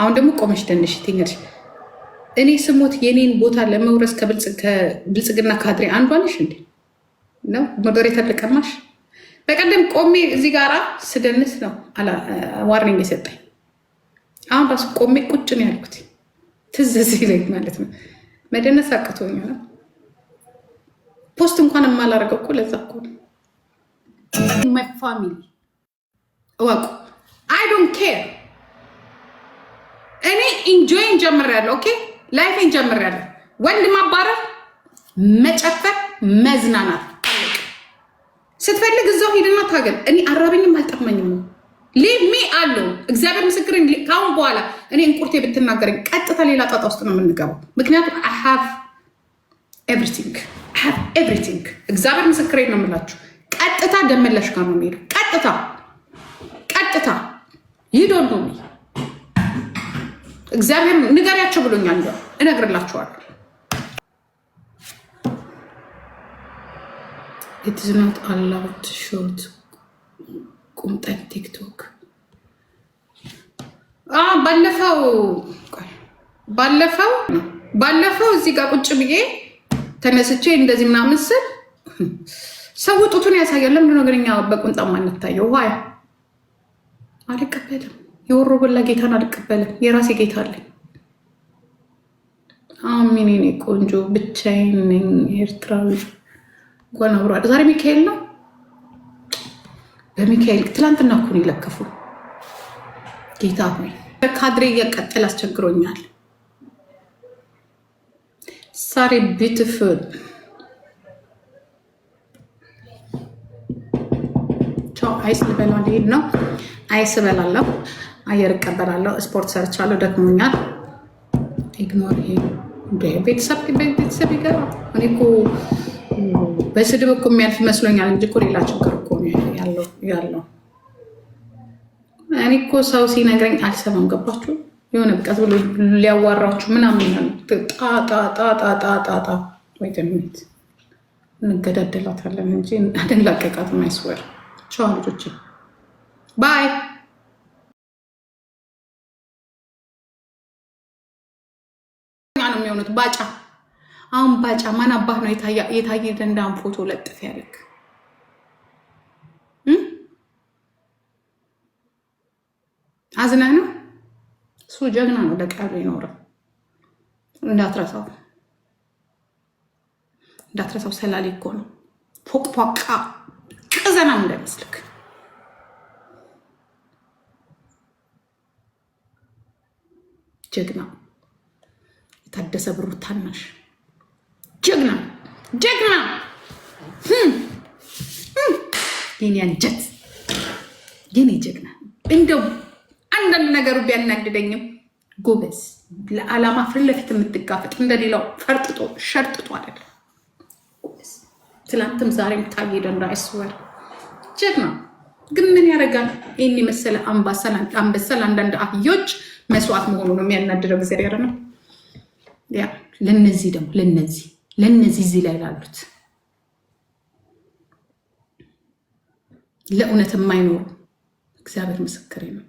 አሁን ደግሞ ቆመሽ ደንሽ ትኛለሽ። እኔ ስሞት የኔን ቦታ ለመውረስ ከብልጽግና ካድሬ አንዷ ነሽ እንዴ? ነው ሞዴሬተር ልቀማሽ። በቀደም ቆሜ እዚህ ጋራ ስደንስ ነው ዋርኒንግ የሰጠኝ። አሁን ራሱ ቆሜ ቁጭ ነው ያልኩት፣ ትዘዝ ይለኝ ማለት ነው። መደነስ አቅቶኝ ነው ፖስት እንኳን የማላደርገው እኮ ለዛ እኮ ነው። ማይ ፋሚሊ እወቁ፣ አይ ዶንት ኬር ኢንጆይን ጀምሬያለሁ። ኦኬ ላይፌን ጀምሬያለሁ። ወንድ ማባረር፣ መጨፈር፣ መዝናናት ስትፈልግ እዛው ሄድና ታገል። እኔ አራበኝም አልጠቅመኝም ሊቭ ሚ አለው እግዚአብሔር ምስክርን። ካሁን በኋላ እኔ እንቁርቴ ብትናገረኝ ቀጥታ ሌላ ጣጣ ውስጥ ነው የምንገባው። ምክንያቱም አይ ሃቭ ኤቭሪቲንግ አይ ሃቭ ኤቭሪቲንግ። እግዚአብሔር ምስክሬን ነው የምላችሁ። ቀጥታ ደመላሽ ጋር ነው የሚሄደው። ቀጥታ ቀጥታ ይዶንዶሚ እግዚአብሔር ንገሪያቸው ብሎኛል። እንዲያው እነግርላቸዋለሁ። ኢትዝናት አላውድ ሾርት ቁምጠን ቲክቶክ ባለፈው ባለፈው ባለፈው እዚህ ጋር ቁጭ ብዬ ተነስቼ እንደዚህ ምናምን ስል ሰው ጡቱን ያሳያል። ለምንድን ነው ግን እኛ በቁምጣ ማንታየው? ውሃ አልቀበልም የወሮ በላ ጌታን አልቀበልም። የራሴ ጌታ አለኝ። አሚን ኔ ቆንጆ ብቻዬን ነኝ። ኤርትራዊ እንኳን አብረዋል። ዛሬ ሚካኤል ነው። በሚካኤል ትላንትና እኮ ነው የለከፉ። ጌታ ሆይ በካድሬ እያቀጠል አስቸግሮኛል። ሳሪ ቢዩቲፉል አይስ ልበላ ልሄድ ነው። አይስ እበላለሁ። አየር እቀበላለሁ። ስፖርት ሰርቻለሁ፣ ደክሞኛል። ኢግኖር ቤተሰብ ቤተሰብ ይገባል። እኔ እኮ በስድብ እኮ የሚያልፍ ይመስሎኛል እንጂ እኮ ሌላ ችግር እኮ ያለው እኔ እኮ ሰው ሲነግረኝ አልሰማም። ገባችሁ? የሆነ ብቃት ብሎ ሊያዋራችሁ ምናምን ጣጣጣጣጣጣ ወይ ደሚት እንገዳደላታለን እንጂ አደንላቀቃት ማይስወር ቻው ልጆች ባይ የሆኑት ባጫ። አሁን ባጫ ማን አባህ ነው የታየ ደንዳን ፎቶ ለጥፍ ያለክ? አዝነህ ነው እሱ። ጀግና ነው፣ ለቃሉ ይኖረ እንዳትረሳው፣ እንዳትረሳው። ሰላሌ እኮ ነው ፎቅ ፎቅፏቃ ቅዘና እንዳይመስልክ ጀግና ታደሰ ብሩ ታናሽ ጀግና ጀግና የኔ አንጀት የኔ ጀግና እንደው አንዳንድ ነገሩ ቢያናድደኝም ጎበዝ፣ ለዓላማ ፊት ለፊት የምትጋፈጥ እንደሌላው ፈርጥጦ ሸርጥጦ አይደለም። ትላንትም ዛሬም ታዬ ደንዳ አይስወር ጀግና ግን ምን ያደርጋል? ይህን የመሰለ አንበሳ ለአንዳንድ አህዮች መስዋዕት መሆኑ ነው የሚያናድደው። ጊዜ ያደረነው ያ ለነዚህ ደግሞ ለነዚህ ለነዚህ እዚህ ላይ ላሉት ለእውነት የማይኖሩ እግዚአብሔር ምስክር ነው።